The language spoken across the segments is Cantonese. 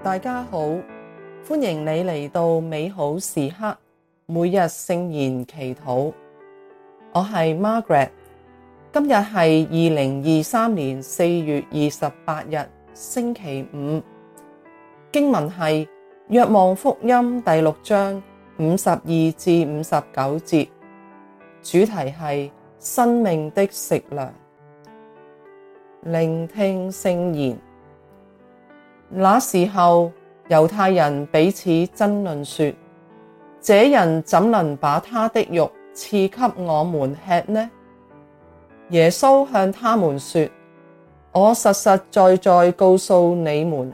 大家好，歡迎你嚟到美好時刻，每日聖言祈禱。我係 Margaret，今日係二零二三年四月二十八日，星期五。經文係《若望福音》第六章五十二至五十九節，主題係生命的食糧。聆聽聖言。那時候，猶太人彼此爭論說：這人怎能把他的肉賜給我們吃呢？耶穌向他們說：我實實在在告訴你們，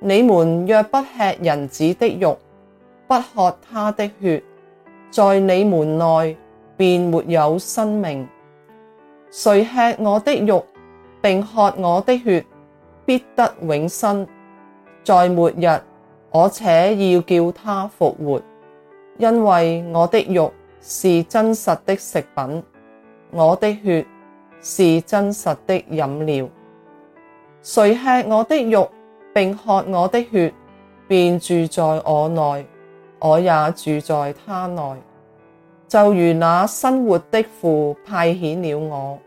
你們若不吃人子的肉，不喝他的血，在你們內便沒有生命。誰吃我的肉，並喝我的血，必得永生。在末日，我且要叫他復活，因為我的肉是真實的食品，我的血是真實的飲料。誰吃我的肉並喝我的血，便住在我內，我也住在他內。就如那生活的父派遣了我，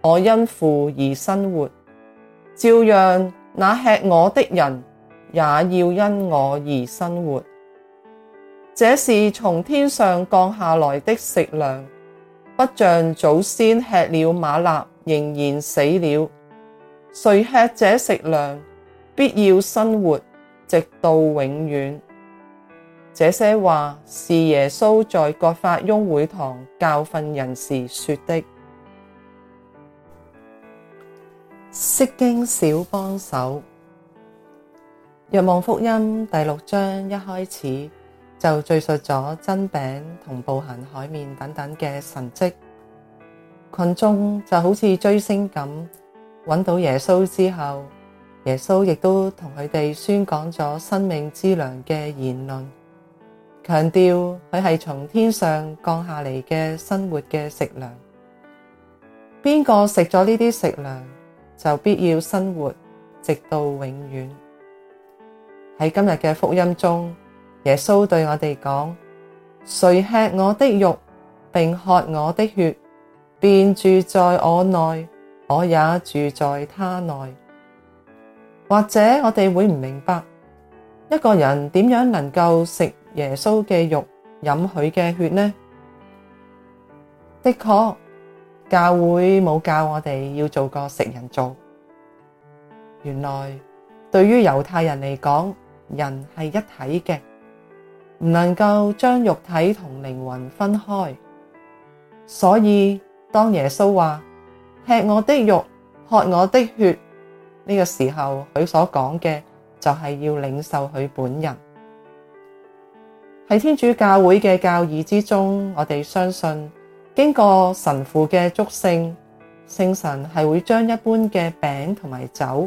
我因父而生活，照樣那吃我的人。也要因我而生活，這是從天上降下來的食糧，不像祖先吃了瑪納仍然死了。誰吃這食糧，必要生活直到永遠。這些話是耶穌在葛法翁會堂教訓人時說的。釋經小幫手。《若望福音》第六章一開始就敘述咗增餅同步行海面等等嘅神蹟，群眾就好似追星咁，揾到耶穌之後，耶穌亦都同佢哋宣講咗生命之糧嘅言論，強調佢係從天上降下嚟嘅生活嘅食糧。邊個食咗呢啲食糧，就必要生活直到永遠。喺今日嘅福音中，耶穌對我哋講：誰吃我的肉，並喝我的血，便住在我內，我也住在他內。或者我哋會唔明白，一個人點樣能夠食耶穌嘅肉、飲佢嘅血呢？的確，教會冇教我哋要做個食人族。原來對於猶太人嚟講，人係一體嘅，唔能夠將肉體同靈魂分開。所以當耶穌話吃我的肉，喝我的血呢個時候，佢所講嘅就係要領受佢本人。喺天主教會嘅教義之中，我哋相信經過神父嘅祝聖，聖神係會將一般嘅餅同埋酒。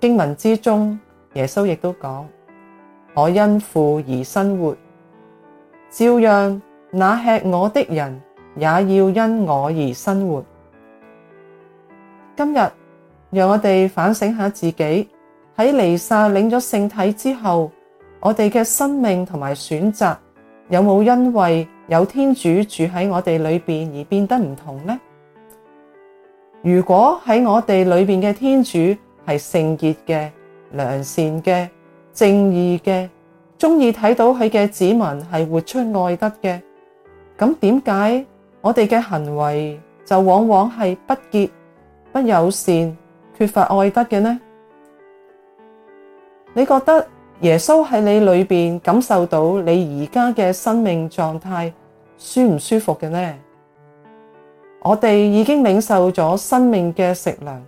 經文之中，耶穌亦都講：我因父而生活，照樣那吃我的人也要因我而生活。今日讓我哋反省一下自己，喺彌撒領咗聖體之後，我哋嘅生命同埋選擇有冇因為有天主住喺我哋裏邊而變得唔同呢？如果喺我哋裏邊嘅天主，係聖潔嘅、良善嘅、正義嘅，中意睇到佢嘅子民係活出愛德嘅。咁點解我哋嘅行為就往往係不潔、不友善、缺乏愛德嘅呢？你覺得耶穌喺你裏邊感受到你而家嘅生命狀態，舒唔舒服嘅呢？我哋已經領受咗生命嘅食糧。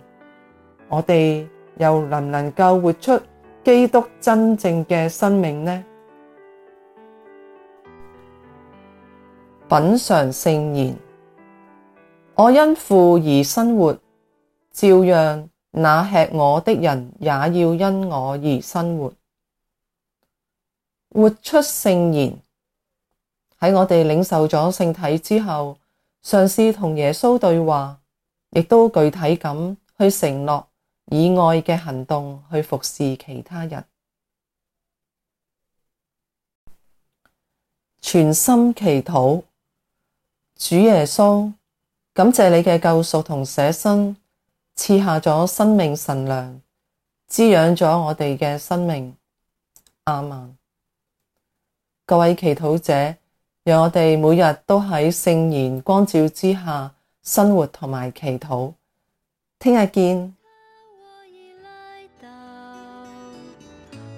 我哋又能唔能夠活出基督真正嘅生命呢？品嘗聖言，我因父而生活，照樣，那吃我的人也要因我而生活。活出聖言，喺我哋領受咗聖體之後，嘗試同耶穌對話，亦都具體咁去承諾，.以愛嘅行動去服侍其他人。全心祈禱，主耶穌，感謝你嘅救贖同捨身，賜下咗生命神糧，滋養咗我哋嘅生命。阿們，各位祈禱者，讓我哋每日都喺聖言光照之下生活同埋祈禱。聽日見。